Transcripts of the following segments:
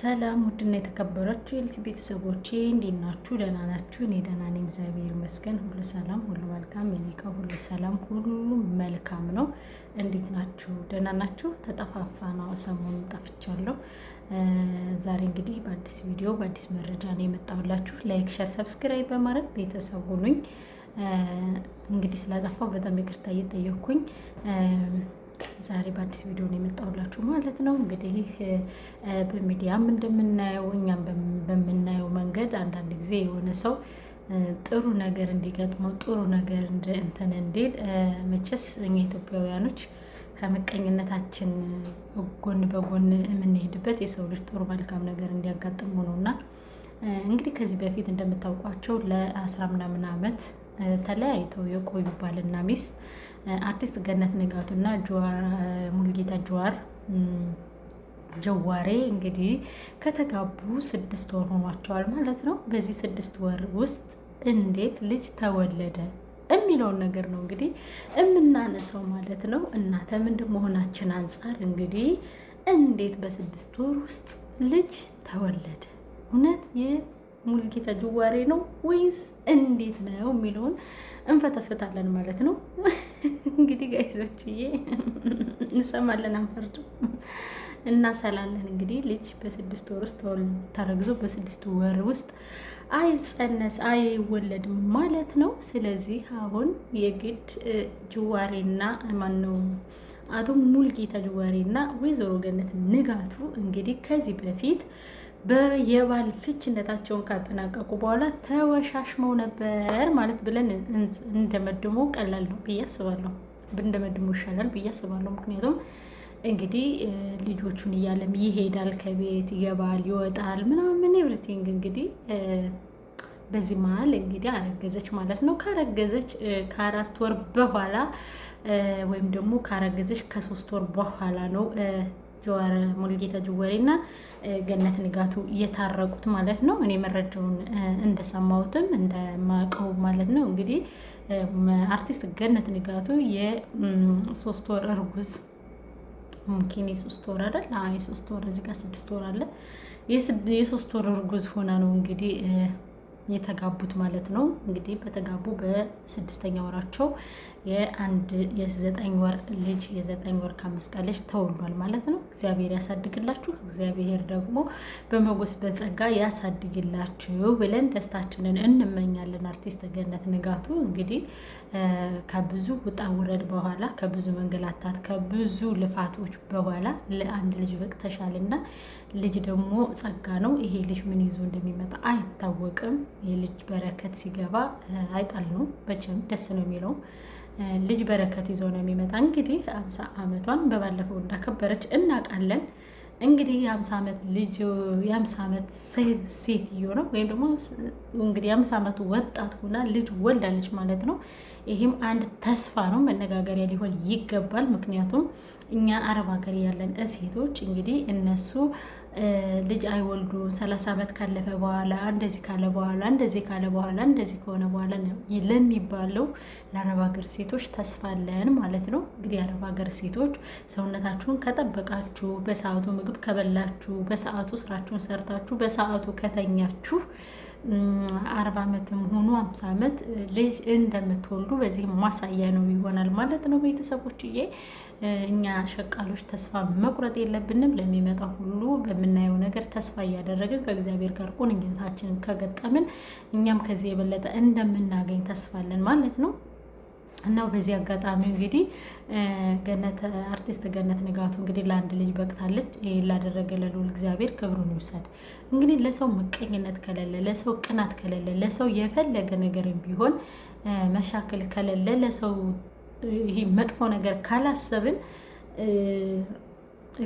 ሰላም ውድና የተከበራችሁ የልስ ቤተሰቦቼ እንዴት ናችሁ? ደህና ናችሁ? እኔ ደህና ነኝ፣ እግዚአብሔር ይመስገን። ሁሉ ሰላም፣ ሁሉ መልካም። እኔ ሁሉ ሰላም፣ ሁሉ መልካም ነው። እንዴት ናችሁ? ደህና ናችሁ? ተጠፋፋ ነው፣ ሰሞኑን ጠፍቻለሁ። ዛሬ እንግዲህ በአዲስ ቪዲዮ በአዲስ መረጃ ነው የመጣሁላችሁ። ላይክ፣ ሸር፣ ሰብስክራይብ በማድረግ ቤተሰብ ሁኑኝ። እንግዲህ ስለጠፋው በጣም ይቅርታ እየጠየኩኝ ዛሬ በአዲስ ቪዲዮ ነው የመጣሁላችሁ ማለት ነው። እንግዲህ በሚዲያም እንደምናየው እኛም በምናየው መንገድ አንዳንድ ጊዜ የሆነ ሰው ጥሩ ነገር እንዲገጥመው ጥሩ ነገር እንትን እንዲል መቼስ እኛ ኢትዮጵያውያኖች ከምቀኝነታችን ጎን በጎን የምንሄድበት የሰው ልጅ ጥሩ መልካም ነገር እንዲያጋጥሙ ነው እና እንግዲህ ከዚህ በፊት እንደምታውቋቸው ለአስራ ምናምን ዓመት ተለያይተው የቆዩ ባልና ሚስት አርቲስት ገነት ንጋቱና ሙልጌታ ጀዋር ጀዋሬ እንግዲህ ከተጋቡ ስድስት ወር ሆኗቸዋል ማለት ነው። በዚህ ስድስት ወር ውስጥ እንዴት ልጅ ተወለደ የሚለውን ነገር ነው እንግዲህ የምናነሳው ማለት ነው። እናተ ከምንድን መሆናችን አንጻር እንግዲህ እንዴት በስድስት ወር ውስጥ ልጅ ተወለደ እውነት ሙልጌታ ጅዋሬ ነው ወይስ እንዴት ነው የሚለውን እንፈተፍታለን ማለት ነው። እንግዲህ ጋይዞችዬ እንሰማለን፣ አንፈርድም፣ እናሰላለን። እንግዲህ ልጅ በስድስት ወር ውስጥ ተረግዞ በስድስት ወር ውስጥ አይጸነስ አይወለድም ማለት ነው። ስለዚህ አሁን የግድ ጅዋሬና ማነው አቶ ሙልጌታ ጅዋሬና ወይዘሮ ገነት ንጋቱ እንግዲህ ከዚህ በፊት በየባል ፍችነታቸውን ካጠናቀቁ በኋላ ተወሻሽመው ነበር ማለት ብለን እንደመድሞ ቀላል ነው ብዬ አስባለሁ። እንደመድሞ ይሻላል ብዬ አስባለሁ። ምክንያቱም እንግዲህ ልጆቹን እያለም ይሄዳል፣ ከቤት ይገባል፣ ይወጣል ምናምን ኤቭሪቲንግ እንግዲህ በዚህ መሀል እንግዲህ አረገዘች ማለት ነው። ካረገዘች ከአራት ወር በኋላ ወይም ደግሞ ካረገዘች ከሶስት ወር በኋላ ነው ጀዋር ሙልጌታ ጅወሬ እና ገነት ንጋቱ እየታረቁት ማለት ነው። እኔ መረጃውን እንደሰማሁትም እንደማቀው ማለት ነው። እንግዲህ አርቲስት ገነት ንጋቱ የሶስት ወር እርጉዝ ሙኪን የሶስት ወር አይደል? የሶስት ወር እዚህ ጋር ስድስት ወር አለ። የሶስት ወር እርጉዝ ሆና ነው እንግዲህ የተጋቡት ማለት ነው። እንግዲህ በተጋቡ በስድስተኛ ወራቸው የአንድ የዘጠኝ ወር ልጅ የዘጠኝ ወር ከአምስት ቀን ልጅ ተወልዷል ማለት ነው። እግዚአብሔር ያሳድግላችሁ፣ እግዚአብሔር ደግሞ በመጎስ በጸጋ ያሳድግላችሁ ብለን ደስታችንን እንመኛለን። አርቲስት ገነት ንጋቱ እንግዲህ ከብዙ ውጣ ውረድ በኋላ ከብዙ መንገላታት ከብዙ ልፋቶች በኋላ ለአንድ ልጅ በቅተሻልና ልጅ ደግሞ ጸጋ ነው። ይሄ ልጅ ምን ይዞ እንደሚመጣ አይታወቅም። የልጅ በረከት ሲገባ አይጣል ነው መቼም ደስ ነው የሚለው ልጅ በረከት ይዞ ነው የሚመጣ። እንግዲህ አምሳ ዓመቷን በባለፈው እንዳከበረች እናውቃለን። እንግዲህ የአምሳ ዓመት ልጅ የአምሳ ዓመት ሴትዮ ነው ወይም ደግሞ እንግዲህ የአምሳ ዓመቱ ወጣት ሆና ልጅ ወልዳለች ማለት ነው። ይህም አንድ ተስፋ ነው፣ መነጋገሪያ ሊሆን ይገባል። ምክንያቱም እኛ አረብ ሀገር ያለን ሴቶች እንግዲህ እነሱ ልጅ አይወልዱ ሰላሳ ዓመት ካለፈ በኋላ እንደዚህ ካለ በኋላ እንደዚህ ካለ በኋላ እንደዚህ ከሆነ በኋላ ነው ለሚባለው ለአረብ ሀገር ሴቶች ተስፋ አለን ማለት ነው። እንግዲህ የአረብ ሀገር ሴቶች ሰውነታችሁን ከጠበቃችሁ፣ በሰዓቱ ምግብ ከበላችሁ፣ በሰዓቱ ስራችሁን ሰርታችሁ፣ በሰዓቱ ከተኛችሁ አርባ ዓመትም ሆኑ አምሳ ዓመት ልጅ እንደምትወልዱ በዚህ ማሳያ ነው ይሆናል ማለት ነው። ቤተሰቦችዬ እኛ ሸቃሎች ተስፋ መቁረጥ የለብንም። ለሚመጣ ሁሉ በምናየው ነገር ተስፋ እያደረግን ከእግዚአብሔር ጋር ቁንኝታችንን ከገጠምን እኛም ከዚህ የበለጠ እንደምናገኝ ተስፋለን ማለት ነው። እና በዚህ አጋጣሚ እንግዲህ ገነት አርቲስት ገነት ንጋቱ እንግዲህ ለአንድ ልጅ በቅታለች። ይህን ላደረገ ለልዑል እግዚአብሔር ክብሩን ይውሰድ። እንግዲህ ለሰው ምቀኝነት ከሌለ፣ ለሰው ቅናት ከሌለ፣ ለሰው የፈለገ ነገርም ቢሆን መሻክል ከሌለ፣ ለሰው ይህ መጥፎ ነገር ካላሰብን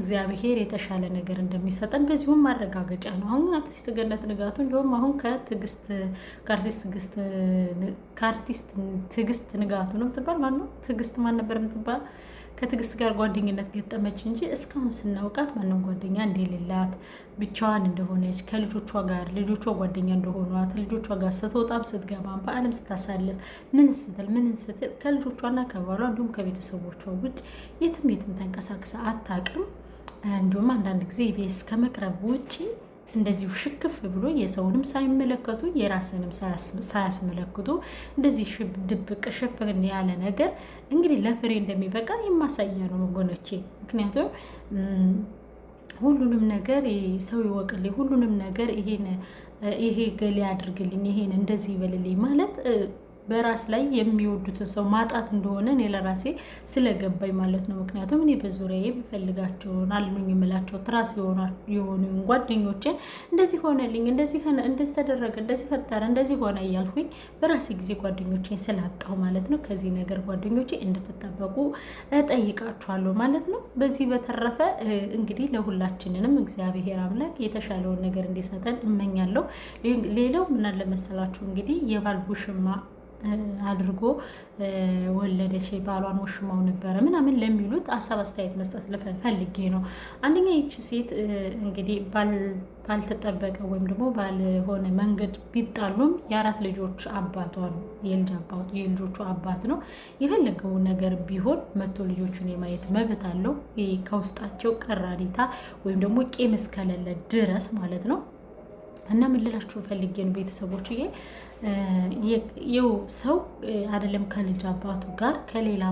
እግዚአብሔር የተሻለ ነገር እንደሚሰጠን በዚሁም ማረጋገጫ ነው። አሁን አርቲስት ገነት ንጋቱ እንዲሁም አሁን ከትዕግስት ከአርቲስት ንጋቱ ነው የምትባል ነው? ትግስት ማን ነበር የምትባል ከትግስት ጋር ጓደኝነት ገጠመች እንጂ እስካሁን ስናውቃት ማንም ጓደኛ እንደሌላት ብቻዋን እንደሆነች ከልጆቿ ጋር ልጆቿ ጓደኛ እንደሆኗት ልጆቿ ጋር ስትወጣም ስትገባም በዓለም ስታሳልፍ ምን ስትል ምን ስትል ከልጆቿና ከባሏ እንዲሁም ከቤተሰቦቿ ውጭ የትም የትም ተንቀሳቅሰ አታውቅም። እንዲሁም አንዳንድ ጊዜ ኢቢኤስ ከመቅረብ ውጭ እንደዚሁ ሽክፍ ብሎ የሰውንም ሳይመለከቱ የራስንም ሳያስመለክቱ እንደዚህ ድብቅ ሽፍን ያለ ነገር እንግዲህ ለፍሬ እንደሚበቃ የማሳያ ነው ወገኖቼ። ምክንያቱም ሁሉንም ነገር ሰው ይወቅልኝ፣ ሁሉንም ነገር ይሄን ይሄ ገሌ አድርግልኝ፣ ይሄን እንደዚህ ይበልልኝ ማለት በራስ ላይ የሚወዱትን ሰው ማጣት እንደሆነ እኔ ለራሴ ስለገባኝ ማለት ነው። ምክንያቱም እኔ በዙሪያ የምፈልጋቸውን አሉኝ የምላቸው ትራስ የሆኑን ጓደኞቼን እንደዚህ ሆነልኝ፣ እንደዚህ ተደረገ፣ እንደዚህ ፈጠረ፣ እንደዚህ ሆነ እያልኩኝ በራሴ ጊዜ ጓደኞቼን ስላጣሁ ማለት ነው። ከዚህ ነገር ጓደኞቼ እንደተጠበቁ እጠይቃችኋለሁ ማለት ነው። በዚህ በተረፈ እንግዲህ ለሁላችንንም እግዚአብሔር አምላክ የተሻለውን ነገር እንዲሰጠን እመኛለሁ። ሌላው ምናለመሰላችሁ እንግዲህ የባልቡሽማ አድርጎ ወለደች ባሏን ወሽማው ነበረ ምናምን ለሚሉት ሀሳብ አስተያየት መስጠት ፈልጌ ነው። አንደኛ ይቺ ሴት እንግዲህ ባልተጠበቀ ወይም ደግሞ ባልሆነ መንገድ ቢጣሉም የአራት ልጆች አባቷ ነው፣ የልጆቹ አባት ነው። የፈለገው ነገር ቢሆን መቶ ልጆቹን የማየት መብት አለው ከውስጣቸው ቀራሪታ ወይም ደግሞ ቂም እስከሌለ ድረስ ማለት ነው። እና ምን ልላችሁ ፈልጌ ነው ቤተሰቦችዬ፣ ይኸው ሰው አይደለም ከልጅ አባቱ ጋር ከሌላ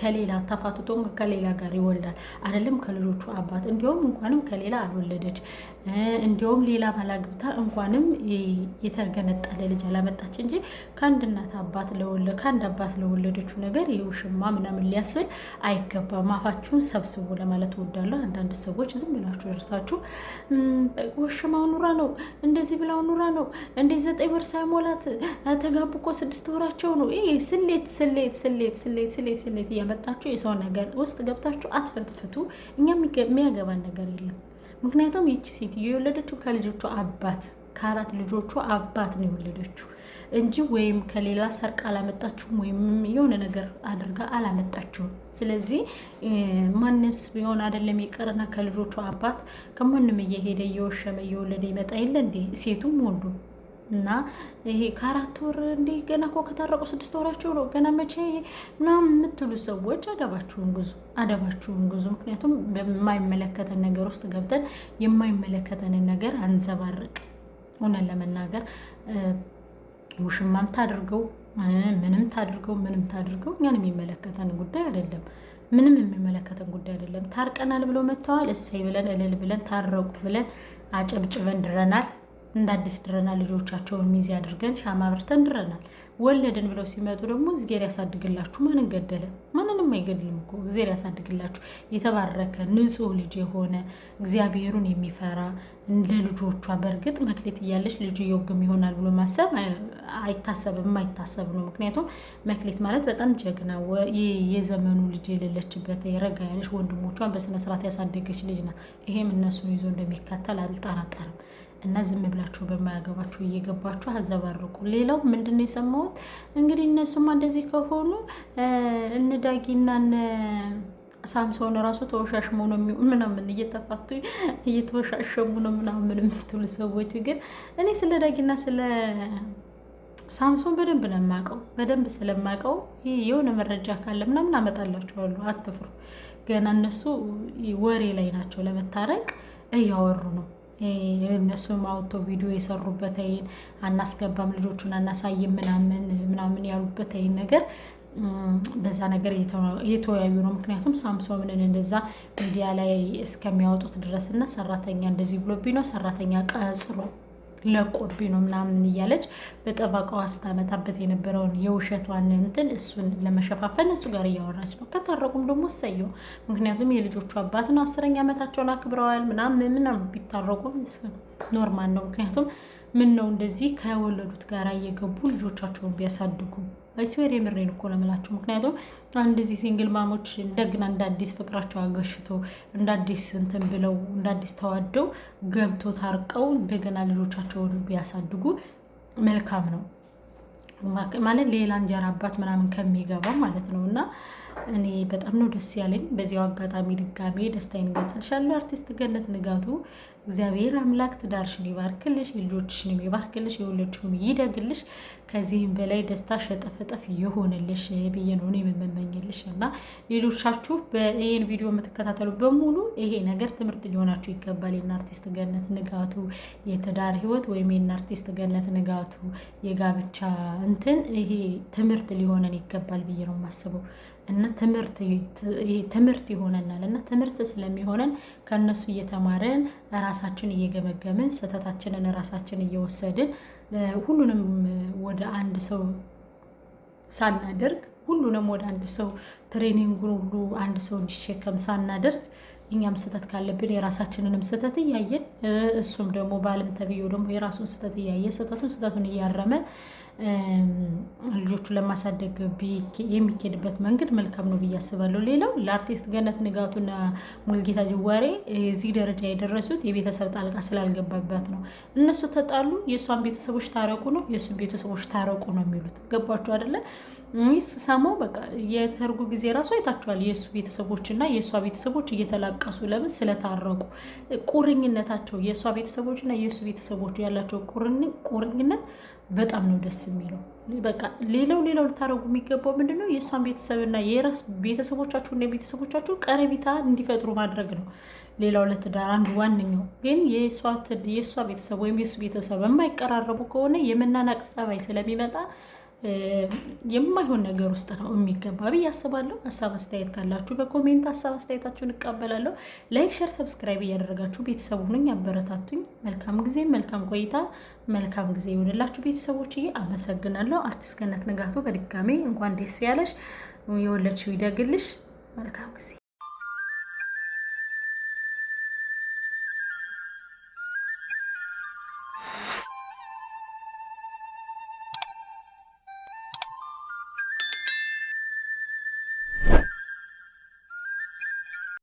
ከሌላ ተፋትቶ ከሌላ ጋር ይወልዳል። አይደለም ከልጆቹ አባት እንዲሁም እንኳንም ከሌላ አልወለደች እንዲሁም ሌላ ባላግብታ እንኳንም የተገነጠለ ልጅ አላመጣች እንጂ ከአንድ እናት አባት ለወለ ከአንድ አባት ለወለደችው ነገር የውሽማ ምናምን ሊያስብል አይገባም። አፋችሁን ሰብስቡ ለማለት እወዳለሁ። አንዳንድ ሰዎች ዝም ብላችሁ ደርሳችሁ ውሽማው ኑራ ነው እንደዚህ ብላው ኑራ ነው እንዲህ ዘጠኝ ወር ሳይሞላት ተጋቡ እኮ ስድስት ወራቸው ነው። ይሄ ስሌት ስሌት ስሌት ስሌት ስሌት ስሌት እያመጣችሁ የሰው ነገር ውስጥ ገብታችሁ አትፈትፍቱ። እኛ የሚያገባን ነገር የለም። ምክንያቱም ይቺ ሴትዮ የወለደችው ከልጆቹ አባት ከአራት ልጆቹ አባት ነው የወለደችው እንጂ ወይም ከሌላ ሰርቅ አላመጣችሁም፣ ወይም የሆነ ነገር አድርጋ አላመጣችሁም። ስለዚህ ማንስ ቢሆን አይደለም የቀረና ከልጆቹ አባት ከማንም እየሄደ እየወሸመ እየወለደ ይመጣ የለ እንዴ ሴቱም ወንዱ እና ይሄ ከአራት ወር እንዲህ ገና እኮ ከታረቁ ስድስት ወራቸው ነው ገና መቼ ምናምን የምትሉ ሰዎች አደባችሁን ግዙ፣ አደባችሁን ግዙ። ምክንያቱም በማይመለከተን ነገር ውስጥ ገብተን የማይመለከተንን ነገር አንዘባርቅ። እውነን ለመናገር ውሽማም ታድርገው ምንም ታድርገው ምንም ታድርገው እኛን የሚመለከተን ጉዳይ አይደለም። ምንም የሚመለከተን ጉዳይ አይደለም። ታርቀናል ብለው መጥተዋል። እሰይ ብለን እልል ብለን ታረቁ ብለን አጨብጭበን ድረናል። እንደ አዲስ ድረናል። ልጆቻቸውን ሚዜ አድርገን ሻማ ብርተን ድረናል። ወለድን ብለው ሲመጡ ደግሞ እግዜር ያሳድግላችሁ። ማንን ገደለ? ማንንም አይገድልም እኮ እግዜር ያሳድግላችሁ። የተባረከ ንጹሕ ልጅ የሆነ እግዚአብሔሩን የሚፈራ እንደ በእርግጥ መክሌት እያለች ልጅ እየወግም ይሆናል ብሎ ማሰብ አይታሰብም፣ አይታሰብ ነው። ምክንያቱም መክሌት ማለት በጣም ጀግና የዘመኑ ልጅ የሌለችበት የረጋ ያለች ወንድሞቿን በስነስርዓት ያሳደገች ልጅ ናት። ይሄም እነሱን ይዞ እንደሚካተል አልጠራጠርም። እና ዝም ብላችሁ በማያገባችሁ እየገባችሁ አዘባርቁ። ሌላው ምንድን ነው የሰማሁት እንግዲህ እነሱማ እንደዚህ ከሆኑ እነ ዳጊና እነ ሳምሶን ራሱ ተወሻሽሞ ነው ምናምን እየተፋቱ እየተወሻሸሙ ነው ምናምን የምትሉ ሰዎች ግን እኔ ስለ ዳጊና ስለ ሳምሶን በደንብ ነው የማውቀው። በደንብ ስለማውቀው የሆነ መረጃ ካለ ምናምን አመጣላችኋለሁ። አትፍሩ። ገና እነሱ ወሬ ላይ ናቸው። ለመታረቅ እያወሩ ነው። እነሱም አውቶ ቪዲዮ የሰሩበት አይን አናስገባም ልጆቹን አናሳይም ምናምን ምናምን ያሉበት አይን ነገር በዛ ነገር እየተወያዩ ነው። ምክንያቱም ሳምሶምንን እንደዛ ሚዲያ ላይ እስከሚያወጡት ድረስና ሰራተኛ እንደዚህ ብሎብኝ ነው ሰራተኛ ቀጽሎ ለቆብኝ ነው ምናምን እያለች በጠበቃዋ ስታመጣበት የነበረውን የውሸቷን እንትን እሱን ለመሸፋፈን እሱ ጋር እያወራች ነው። ከታረቁም ደግሞ እሰየው። ምክንያቱም የልጆቹ አባት ነው፣ አስረኛ ዓመታቸውን አክብረዋል ምናምን ምናምን ቢታረቁም ኖርማል ነው። ምክንያቱም ምን ነው እንደዚህ ከወለዱት ጋር እየገቡ ልጆቻቸውን ቢያሳድጉ ሲወር የምሬን እኮ ነው ምክንያቱም እንደዚህ ሲንግል ማሞች እንደገና እንደ አዲስ ፍቅራቸው አገሽቶ እንደ አዲስ እንትን ብለው እንደ አዲስ ተዋደው ገብቶ ታርቀው እንደገና ልጆቻቸውን ቢያሳድጉ መልካም ነው ማለት ሌላ እንጀራ አባት ምናምን ከሚገባ ማለት ነው እና እኔ በጣም ነው ደስ ያለኝ። በዚያው አጋጣሚ ድጋሜ ደስታዬን ገልጽልሻለሁ። አርቲስት ገነት ንጋቱ እግዚአብሔር አምላክ ትዳርሽን ይባርክልሽ፣ የልጆችሽንም ይባርክልሽ፣ የወለድሽውም ይደግልሽ፣ ከዚህም በላይ ደስታ ሸጠፈጠፍ የሆነልሽ ብዬ ነው እኔ እና ሌሎቻችሁ በይህን ቪዲዮ የምትከታተሉ በሙሉ ይሄ ነገር ትምህርት ሊሆናችሁ ይገባል። የእነ አርቲስት ገነት ንጋቱ የትዳር ህይወት ወይም የእነ አርቲስት ገነት ንጋቱ የጋብቻ እንትን ይሄ ትምህርት ሊሆነን ይገባል ብዬ ነው የማስበው። እና ትምህርት ይሆነናል እና ትምህርት ስለሚሆነን ከእነሱ እየተማረን ራሳችን እየገመገምን ስህተታችንን ራሳችን እየወሰድን ሁሉንም ወደ አንድ ሰው ሳናደርግ ሁሉንም ወደ አንድ ሰው ትሬኒንጉን ሁሉ አንድ ሰው እንዲሸከም ሳናደርግ እኛም ስህተት ካለብን የራሳችንንም ስህተት እያየን እሱም ደግሞ ባለም ተብዬው ደግሞ የራሱን ስህተት እያየ ስህተቱን ስህተቱን እያረመ ልጆቹን ለማሳደግ የሚኬድበት መንገድ መልካም ነው ብዬ አስባለሁ። ሌላው ለአርቲስት ገነት ንጋቱና ሙልጌታ ጅዋሬ እዚህ ደረጃ የደረሱት የቤተሰብ ጣልቃ ስላልገባበት ነው። እነሱ ተጣሉ፣ የእሷን ቤተሰቦች ታረቁ ነው፣ የእሱን ቤተሰቦች ታረቁ ነው የሚሉት። ገባችሁ አይደለ? ሰማው በቃ የሰርጉ ጊዜ ራሱ አይታችኋል። የእሱ ቤተሰቦች እና የእሷ ቤተሰቦች እየተላቀሱ ለምን ስለታረቁ። ቁርኝነታቸው የእሷ ቤተሰቦች እና የእሱ ቤተሰቦች ያላቸው ቁርኝነት በጣም ነው ደስ የሚለው። በቃ ሌላው ሌላው ልታደረጉ የሚገባው ምንድን ነው የእሷን ቤተሰብና የራስ ቤተሰቦቻችሁና የቤተሰቦቻችሁ ቀረቢታ እንዲፈጥሩ ማድረግ ነው። ሌላው ለትዳር አንድ ዋነኛው ግን የእሷ ቤተሰብ ወይም የእሱ ቤተሰብ የማይቀራረቡ ከሆነ የመናናቅ ጸባይ ስለሚመጣ የማይሆን ነገር ውስጥ ነው የሚገባ ብዬ አስባለሁ። ሀሳብ አስተያየት ካላችሁ በኮሜንት ሀሳብ አስተያየታችሁን እቀበላለሁ። ላይክ፣ ሸር፣ ሰብስክራይብ እያደረጋችሁ ቤተሰቡ ሁኑኝ፣ አበረታቱኝ። መልካም ጊዜ፣ መልካም ቆይታ፣ መልካም ጊዜ ይሆንላችሁ ቤተሰቦችዬ። አመሰግናለሁ። አርቲስት ገነት ንጋቱ በድጋሜ እንኳን ደስ ያለሽ፣ የወለድሽው ይደግልሽ። መልካም ጊዜ